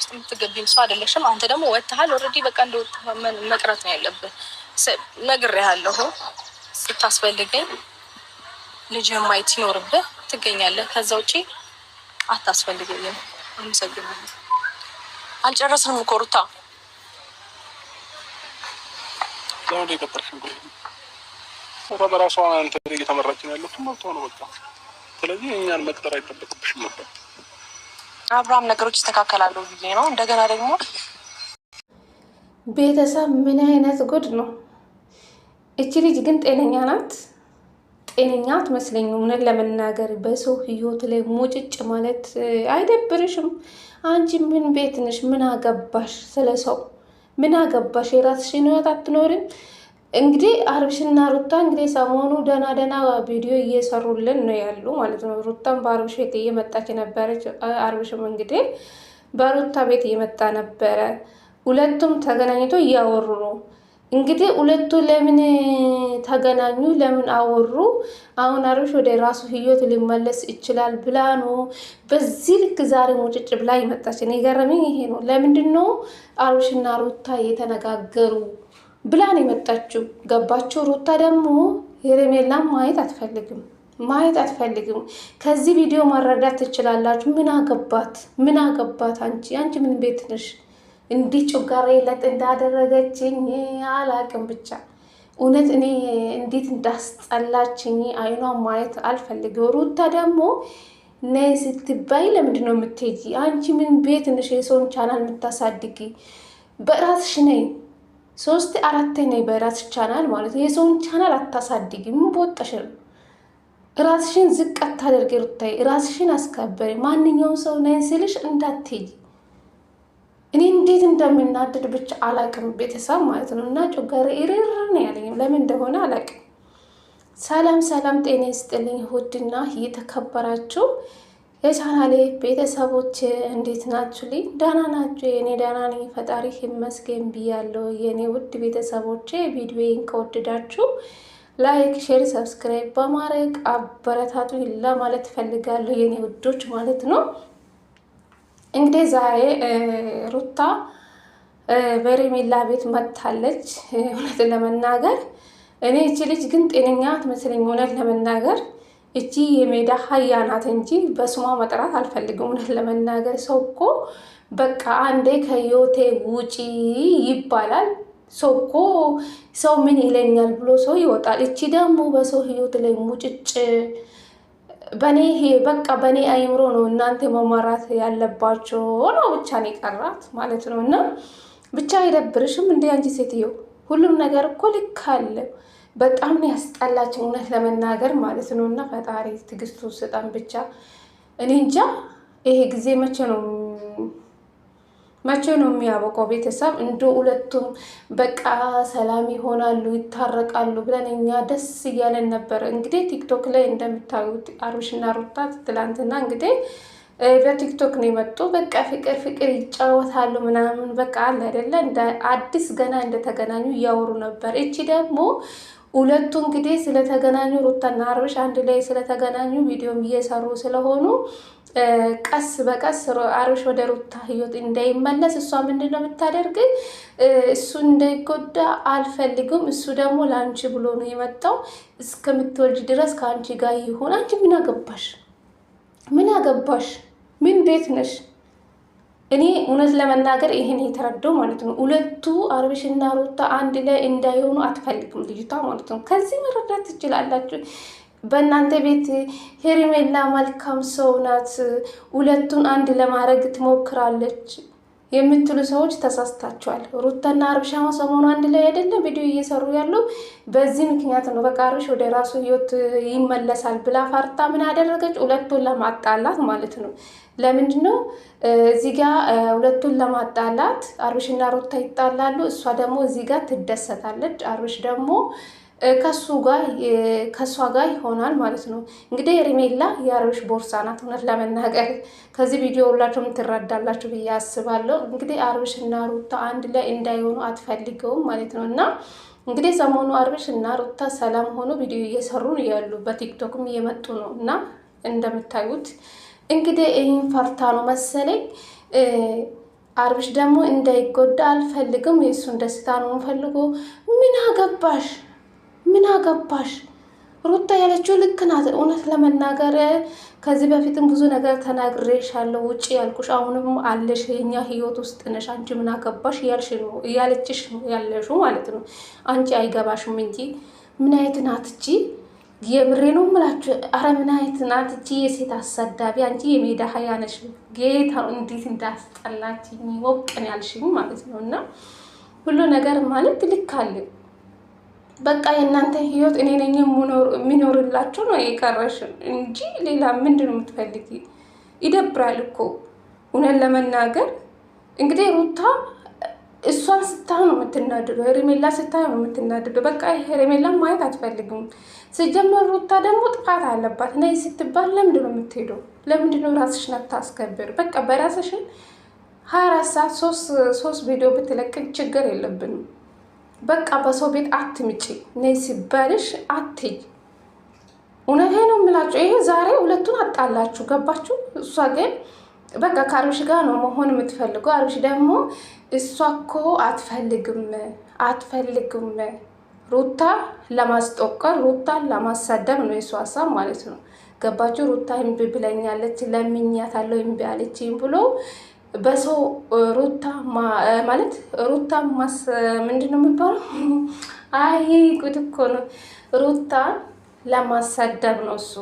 ውስጥ የምትገቢም ሰው አይደለሽም። አንተ ደግሞ ወጥተሃል። ኦልሬዲ በቃ እንደወጣ መቅረት ነው ያለብን። ነግሬሃለሁ። ስታስፈልገኝ ልጅ ማየት ሲኖርብህ ትገኛለህ። ከዛ ውጪ አታስፈልገኝም። አመሰግናለሁ። አልጨረስንም እኮ ሩታ በራሷ አንተ እየተመራች ነው ያለው ነው በቃ። ስለዚህ እኛን መቅጠር አይጠበቅብሽም ነበር። አብርሃም ነገሮች ይስተካከላሉ ብዬ ነው። እንደገና ደግሞ ቤተሰብ ምን አይነት ጉድ ነው! እቺ ልጅ ግን ጤነኛ ናት? ጤነኛ አትመስለኝም። እውነት ለመናገር በሰው ህይወት ላይ ሙጭጭ ማለት አይደብርሽም? አንቺ ምን ቤት ነሽ? ምን አገባሽ? ስለ ሰው ምን አገባሽ? የራስሽን ህይወት አትኖርም? እንግዲህ አብርሽና ሩታ እንግዲህ ሰሞኑ ደና ደና ቪዲዮ እየሰሩልን ነው ያሉ ማለት ነው። ሩታም በአብርሽ ቤት እየመጣች ነበረች። አብርሽም እንግዲህ በሩታ ቤት እየመጣ ነበረ። ሁለቱም ተገናኝቶ እያወሩ ነው። እንግዲህ ሁለቱ ለምን ተገናኙ? ለምን አወሩ? አሁን አብርሽ ወደ ራሱ ህይወት ሊመለስ ይችላል ብላ ነው በዚህ ልክ ዛሬ ሙጭጭ ብላ ይመጣች። የገረመኝ ይሄ ነው። ለምንድን ነው አብርሽና ሩታ እየተነጋገሩ ብላን የመጣችው ገባችሁ። ሩታ ደግሞ ሄርሜላን ማየት አትፈልግም ማየት አትፈልግም። ከዚህ ቪዲዮ ማረዳት ትችላላችሁ። ምን አገባት ምን አገባት አንቺ አንቺ ምን ቤት ነሽ? እንዲህ ጭጋሬ ለጥ እንዳደረገችኝ አላቅም። ብቻ እውነት እኔ እንዴት እንዳስጠላችኝ አይኗ ማየት አልፈልግም። ሩታ ደግሞ ነይ ስትባይ ለምንድን ነው የምትሄጂ? አንቺ ምን ቤት ነሽ? የሰውን ቻናል የምታሳድጊ በራስሽ ነይ ሶስት አራት አራተኛ በራስ ቻናል ማለት ነው። የሰውን ቻናል አታሳድግ። ምን በወጣሽ ነው? ራስሽን ዝቅ አታደርግ። ሩታይ፣ ራስሽን አስከበሪ። ማንኛውም ሰው ነይ ሲልሽ እንዳትይ። እኔ እንዴት እንደምናደድ ብቻ አላቅም፣ ቤተሰብ ማለት ነው። እና ጮጋሪ ሪር ነው ያለኝም ለምን እንደሆነ አላቅም። ሰላም ሰላም፣ ጤና ይስጥልኝ ውድና የተከበራችሁ የቻናሌ ቤተሰቦች እንዴት ናችሁ? ልኝ ደህና ናችሁ? የእኔ ደህና ነኝ፣ ፈጣሪ ይመስገን ብያለሁ። የእኔ ውድ ቤተሰቦቼ ቪዲዮን ከወደዳችሁ ላይክ፣ ሼር፣ ሰብስክራይብ በማድረግ አበረታቱ ይላ ማለት እፈልጋለሁ የእኔ ውዶች ማለት ነው። እንግዲህ ዛሬ ሩታ በረሜላ ቤት መታለች እውነት ለመናገር እኔ እቺ ልጅ ግን ጤነኛ አትመስለኝ እውነት ለመናገር እቺ የሜዳ አህያ ናት እንጂ በስሟ መጥራት አልፈልግም። እውነት ለመናገር ሰው እኮ በቃ አንዴ ከህይወቴ ውጪ ይባላል። ሰው እኮ ሰው ምን ይለኛል ብሎ ሰው ይወጣል። እቺ ደግሞ በሰው ህይወት ላይ ሙጭጭ በኔ በቃ በኔ አይምሮ ነው እናንተ መማራት ያለባቸው ነው ብቻ ነው የቀራት ማለት ነው። እና ብቻ አይደብርሽም እንዲ አንቺ ሴትዮ ሁሉም ነገር እኮ ልክ አለው። በጣም ያስጠላች እውነት ለመናገር ማለት ነው። እና ፈጣሪ ትግስቱ ስጠን ብቻ። እኔ እንጃ ይሄ ጊዜ መቼ ነው መቼ ነው የሚያበቀው? ቤተሰብ እንደ ሁለቱም በቃ ሰላም ይሆናሉ ይታረቃሉ ብለን እኛ ደስ እያለን ነበር። እንግዲህ ቲክቶክ ላይ እንደምታዩት አብርሽና ሩታ ትላንትና እንግዲህ በቲክቶክ ነው የመጡ። በቃ ፍቅር ፍቅር ይጫወታሉ ምናምን በቃ አለ አይደለ፣ እንደ አዲስ ገና እንደተገናኙ እያወሩ ነበር። እቺ ደግሞ ሁለቱ እንግዲህ ስለተገናኙ ሩታና አብርሽ አንድ ላይ ስለተገናኙ ቪዲዮም እየሰሩ ስለሆኑ ቀስ በቀስ አብርሽ ወደ ሩታ ህይወት እንዳይመለስ እሷ ምንድን ነው የምታደርግ? እሱ እንዳይጎዳ አልፈልግም፣ እሱ ደግሞ ለአንቺ ብሎ ነው የመጣው፣ እስከምትወልጅ ድረስ ከአንቺ ጋር ይሆን። አንቺ ምን አገባሽ? ምን አገባሽ? ምን ቤት ነሽ? እኔ እውነት ለመናገር ይህን የተረዳው ማለት ነው። ሁለቱ አብርሽና ሩታ አንድ ላይ እንዳይሆኑ አትፈልግም ልጅቷ ማለት ነው። ከዚህ መረዳት ትችላላችሁ። በእናንተ ቤት ሄርሜላ መልካም ሰው ናት፣ ሁለቱን አንድ ለማድረግ ትሞክራለች የምትሉ ሰዎች ተሳስታችኋል። ሩታና አብርሽ ሰሞኑ አንድ ላይ አይደለም ቪዲዮ እየሰሩ ያለው በዚህ ምክንያት ነው። በቃ አብርሽ ወደ ራሱ ህይወት ይመለሳል ብላ ፈርታ ምን አደረገች? ሁለቱን ለማጣላት ማለት ነው። ለምንድን ነው እዚህ ጋ ሁለቱን ለማጣላት አብርሽና ሩታ ይጣላሉ። እሷ ደግሞ እዚህ ጋር ትደሰታለች። አብርሽ ደግሞ ከሱ ጋር ከእሷ ጋር ይሆናል ማለት ነው። እንግዲህ የሪሜላ የአብርሽ ቦርሳ ናት። እውነት ለመናገር ከዚህ ቪዲዮ ሁላችሁም ትረዳላችሁ ብዬ አስባለሁ። እንግዲህ አብርሽና ሩታ አንድ ላይ እንዳይሆኑ አትፈልገውም ማለት ነው እና እንግዲህ ሰሞኑ አብርሽ እና ሩታ ሰላም ሆኖ ቪዲዮ እየሰሩ ያሉ በቲክቶክም እየመጡ ነው እና እንደምታዩት እንግዲህ ይህን ፈርታ ነው መሰለኝ። አብርሽ ደግሞ እንዳይጎዳ አልፈልግም፣ የእሱን ደስታ ነው የምፈልገው። ምን አገባሽ? ምን አገባሽ? ሩታ ያለችው ልክ ናት። እውነት ለመናገር ከዚህ በፊትም ብዙ ነገር ተናግሬሻለሁ፣ ውጭ ያልኩሽ አሁንም አለሽ፣ የኛ ህይወት ውስጥ ነሽ። አንቺ ምን አገባሽ እያለችሽ ነው ያለሹ ማለት ነው። አንቺ አይገባሽም እንጂ ምን አይነት ናት የምሬ ነው የምላችሁ። አረምናይት ናት እቺ የሴት አሳዳቢ! አንቺ የሜዳ ሀያ ነሽ። ጌታ እንዴት እንዳስጠላችኝ ወቅን ያልሽኝ ማለት ነው። እና ሁሉ ነገር ማለት ልክ አለ። በቃ የእናንተ ህይወት እኔ ነኝ የሚኖርላቸው ነው የቀረሽ እንጂ ሌላ ምንድን ነው የምትፈልጊ? ይደብራል እኮ እውነት ለመናገር እንግዲህ ሩታ እሷን ስታዩ ነው የምትናድደው። ሄርሜላ ስታዩ ነው የምትናድደው። በቃ ሄርሜላን ማየት አትፈልግም። ስጀመር ሩታ ደግሞ ጥፋት አለባት። ነይ ስትባል ለምንድ ነው የምትሄደው? ለምንድን ነው ራስሽን አታስከብር? በቃ በራስሽን ሀያ አራት ሰዓት ሶስት ቪዲዮ ብትለቅቅ ችግር የለብንም። በቃ በሰው ቤት አትምጪ። ነይ ሲባልሽ አትይ። እውነቴ ነው የምላችሁ። ይሄ ዛሬ ሁለቱን አጣላችሁ። ገባችሁ? እሷ ግን በቃ ከአብርሽ ጋር ነው መሆን የምትፈልገው። አብርሽ ደግሞ እሷ እኮ አትፈልግም አትፈልግም ሩታ ለማስጠቀር ሩታን ለማሳደብ ነው የእሱ ሀሳብ ማለት ነው። ገባችሁ? ሩታ እምቢ ብለኛለች ለምኛታለሁ እምቢ አለችኝ ብሎ በሰው ሩታ ማለት ሩታ ማስ ምንድን ነው የሚባለው? አይ ጉድ እኮ ነው ሩታ ለማሳደብ ነው እሱ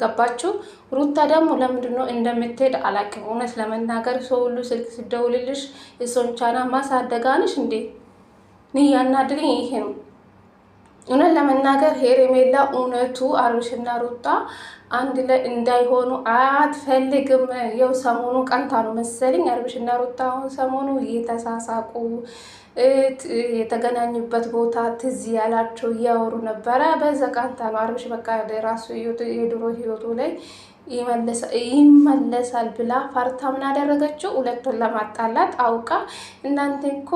ገባችሁ? ሩታ ደግሞ ለምንድን ነው እንደምትሄድ አላውቅም። እውነት ለመናገር ሰው ሁሉ ስልክ ስደውልልሽ የሰውን ቻና ማሳደጋንሽ እንዴ? እኔ ይሄ ነው። እውነት ለመናገር ሄርሜላ እውነቱ አብርሽና ሩታ አንድ ላይ እንዳይሆኑ አትፈልግም። የው ሰሞኑ ቀንታ ነው መሰለኝ አብርሽና ሩታ አሁን ሰሞኑ እየተሳሳቁ የተገናኙበት ቦታ ትዝ ያላቸው እያወሩ ነበረ። በዛ ቀንታ ነው አብርሽ በቃ ራሱ የድሮ ህይወቱ ላይ ይመለሳል ብላ ፈርታ ምን አደረገችው? ሁለቱን ለማጣላት አውቃ፣ እናንተ እኮ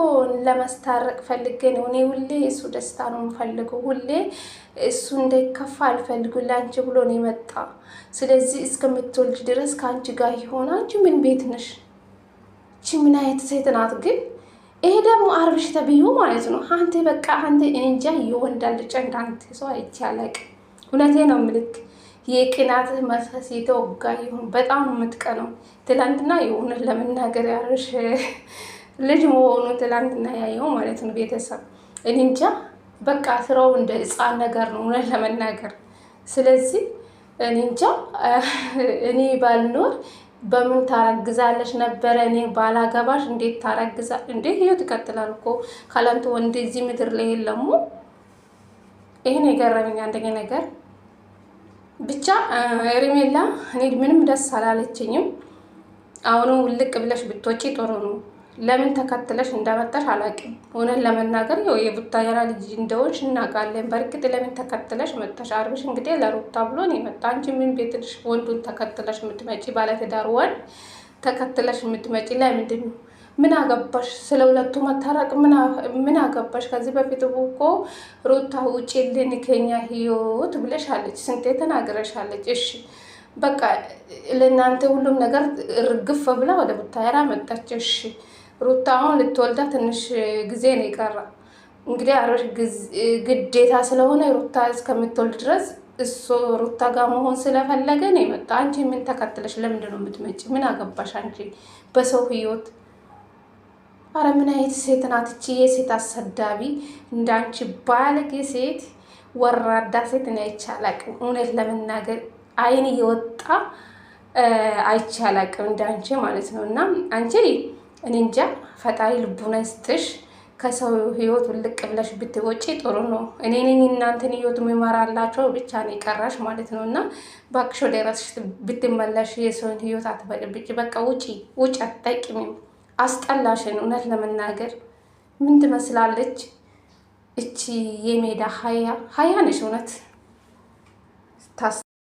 ለመስታረቅ ፈልጌ ነው። እኔ ሁሌ እሱ ደስታ ነው የምፈልገው። ሁሌ እሱ እንዳይከፋ አልፈልጉ። ለአንቺ ብሎ ነው የመጣ። ስለዚህ እስከምትወልድ ድረስ ከአንቺ ጋር ይሆን። አንቺ ምን ቤት ነሽ? ቺ ምን አይነት ሴት ናት ግን? ይሄ ደግሞ አርብሽ ተብዩ ማለት ነው። አንተ በቃ አንተ እንጃ የወንድ አልጫ እንዳንተ ሰው አይቻለቅ። እውነቴ ነው ምልክ የቅናትህ መንፈስ የተወጋ ይሁን። በጣም የምትቀነው ትላንትና የሆነ ለመናገር ያርሽ ልጅ መሆኑ ትላንትና ያየው ማለት ነው። ቤተሰብ እኔ እንጃ በቃ ስራው እንደ ህፃን ነገር ነው እውነት ለመናገር ስለዚህ እኔ እንጃ እኔ ባልኖር በምን ታረግዛለች ነበረ? እኔ ባላገባሽ እንዴት ታረግዛ እንዴ? ህይወት ይቀጥላል እኮ ካላንተ ወንድ እዚህ ምድር ላይ የለሙ። ይህን የገረመኝ አንደኛ ነገር ብቻ ሄርሜላ እኔ ምንም ደስ አላለችኝም። አሁኑ ውልቅ ብለሽ ብትወጪ ጥሩ ነው። ለምን ተከትለሽ እንዳመጣሽ አላውቅም። እውነን ለመናገር ያው የቡታየራ ልጅ እንደሆንሽ እናውቃለን። በእርግጥ ለምን ተከትለሽ መጣሽ? አብርሽ እንግዲህ ለሩታ ብሎ ነው የመጣ። አንቺ ምን ቤትሽ ወንዱን ተከትለሽ የምትመጪ? ባለትዳር ወንድ ተከትለሽ የምትመጪ ለምንድን ነው? ምን አገባሽ? ስለ ሁለቱ መታረቅ ምን አገባሽ? ከዚህ በፊት እኮ ሩታ ውጪልን ከኛ ህይወት ብለሻለች፣ ስንቴ ተናግረሻለች። እሺ በቃ ለእናንተ ሁሉም ነገር ርግፍ ብላ ወደ ቡታየራ መጣች። እሺ ሩታ አሁን ልትወልዳ ትንሽ ጊዜ ነው የቀራ። እንግዲህ አብርሽ ግዴታ ስለሆነ ሩታ እስከምትወልድ ድረስ እሱ ሩታ ጋር መሆን ስለፈለገ ነው የመጣ። አንቺ ምን ተከትለሽ ለምንድን ነው የምትመጪ? ምን አገባሽ አንቺ በሰው ህይወት አረ ምን አይነት ሴት ናት እቺ? የሴት አሰዳቢ እንዳንቺ ባለጌ ሴት ወራዳ ሴት እኔ አይቼ እውነት ለመናገር አይን እየወጣ አይቻላቅም አላቅም እንዳንቺ ማለት ነው። እና አንቺ እኔ እንጃ ፈጣሪ ልቡና ይስጥሽ። ከሰው ህይወት ውልቅ ብለሽ ብትወጪ ጥሩ ነው። እኔ ነኝ እናንተን ህይወት የሚመራላቸው ብቻ ነው የቀራሽ ማለት ነው። እና እባክሽ ወደ ብትመለሽ፣ የሰውን ህይወት አትበጥብጭ። በቃ ውጪ ውጭ አትጠቂምም። አስጠላሽን። እውነት ለመናገር ምን ትመስላለች እቺ የሜዳ ሀያ ሀያ ነሽ እውነት